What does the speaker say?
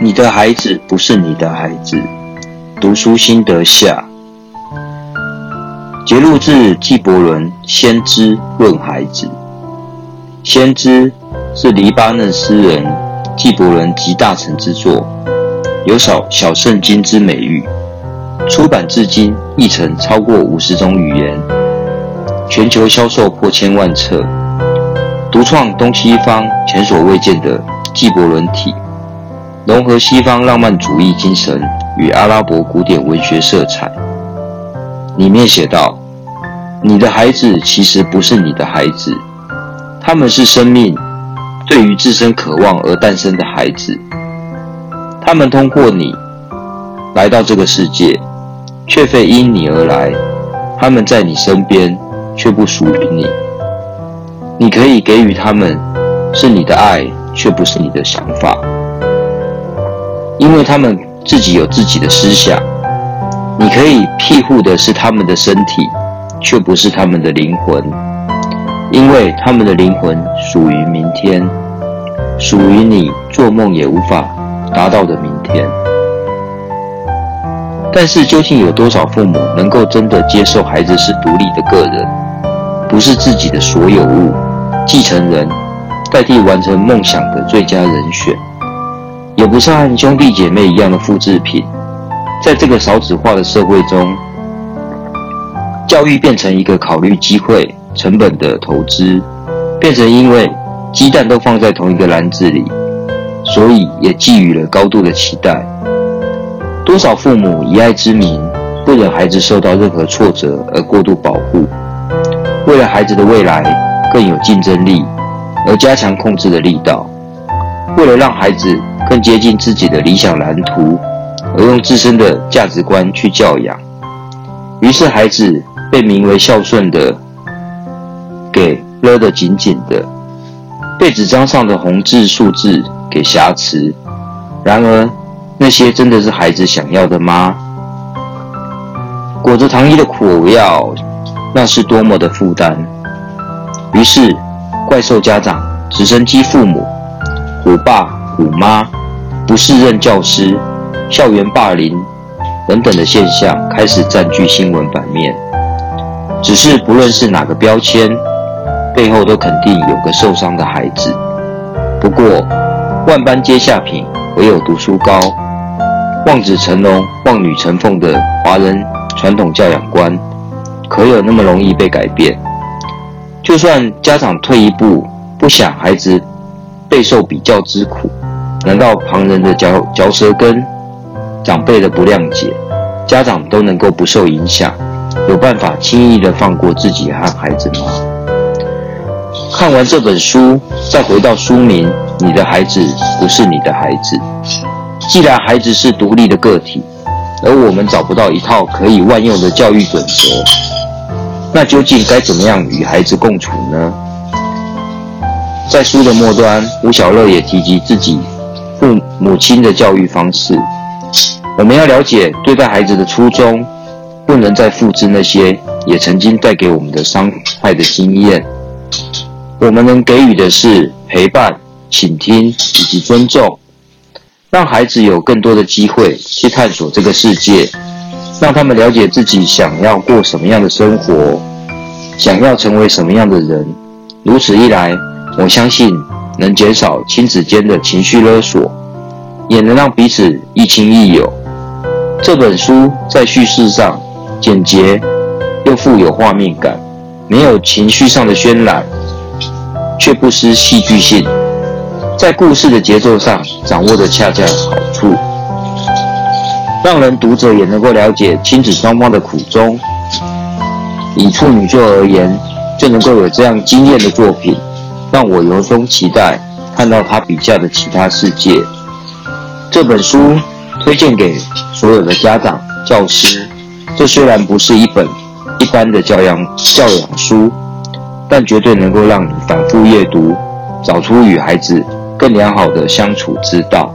你的孩子不是你的孩子。讀書心得下，節錄自紀伯倫《先知》論孩子。《先知》是黎巴嫩詩人紀伯倫集大成之作，有“小小聖經”之美譽。出版至今譯成超過五十種語言，全球銷售破千萬冊，獨創東西方前所未見的紀伯倫體。融合西方浪漫主義精神與阿拉伯古典文學色彩，裡面寫道：“你的孩子其實不是你的孩子，他們是生命對於自身渴望而誕生的孩子。他們通過你來到這個世界，卻非因你而來。他們在你身邊，卻不屬於你。你可以給予他們，是你的愛，卻不是你的想法。”因為他們自己有自己的思想，你可以庇護的是他們的身體，卻不是他們的靈魂，因為他們的靈魂屬於明天，屬於你做夢也無法達到的明天。但是究竟有多少父母能夠真的接受孩子是獨立的個人，不是自己的所有物、繼承人、代替完成夢想的最佳人選？也不是像兄弟姐妹一樣的複製品，在這個少子化的社會中，教育變成一個考慮機會成本的投資，變成因為雞蛋都放在同一個籃子裡，所以也寄予了高度的期待。多少父母以愛之名，不忍孩子受到任何挫折而過度保護，為了孩子的未來更有競爭力而加強控制的力道，為了讓孩子更接近自己的理想藍圖，而用自身的價值觀去教養，於是孩子被名為孝順的給勒得緊緊的，被紙張上的紅字數字給挾持。然而，那些真的是孩子想要的嗎？裹着糖衣的苦藥，那是多麼的負擔。於是，怪獸家長、直升機父母、虎爸虎媽。不適任教師、校園霸凌等等的現象開始占據新聞版面。只是不論是哪個標籤，背後都肯定有個受傷的孩子。不過，萬般皆下品，唯有讀書高。望子成龍、望女成鳳的華人傳統教養觀，可有那麼容易被改變？就算家長退一步，不想孩子備受比較之苦，難道旁人的嚼嚼舌根，長輩的不諒解，家長都能夠不受影響，有辦法輕易的放過自己和孩子嗎？看完這本書，再回到書名《你的孩子不是你的孩子》，既然孩子是獨立的個體，而我們找不到一套可以萬用的教育準則，那究竟該怎麼樣與孩子共處呢？在書的末端，吳曉樂也提及自己。父母親的教育方式，我們要了解對待孩子的初衷，不能再複製那些也曾經帶給我們的傷害的經驗。我們能給予的是陪伴、傾聽以及尊重，讓孩子有更多的機會去探索這個世界，讓他們了解自己想要過什麼樣的生活，想要成為什麼樣的人。如此一來，我相信。能減少親子間的情緒勒索，也能讓彼此亦親亦友。這本書在敘事上簡潔，又富有畫面感，沒有情緒上的渲染，卻不失戲劇性。在故事的節奏上掌握得恰到好處，讓人讀著也能夠了解親子雙方的苦衷。以處女作而言，就能夠有這樣驚豔的作品。讓我由衷期待看到他筆下的其他世界。這本書推薦給所有的家長、教師。這雖然不是一本一般的教養教養書，但絕對能夠讓你反覆閱讀，找出與孩子更良好的相處之道。